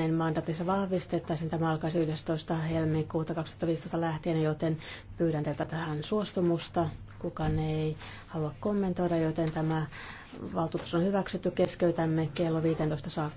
hänen mandatinsa vahvistettaisiin. Tämä alkaisi 11. helmikuuta 2015 lähtien, joten pyydän teiltä tähän suostumusta. Kukaan ei halua kommentoida, joten tämä valtuutus on hyväksytty. Keskeytämme kello 15 saakka.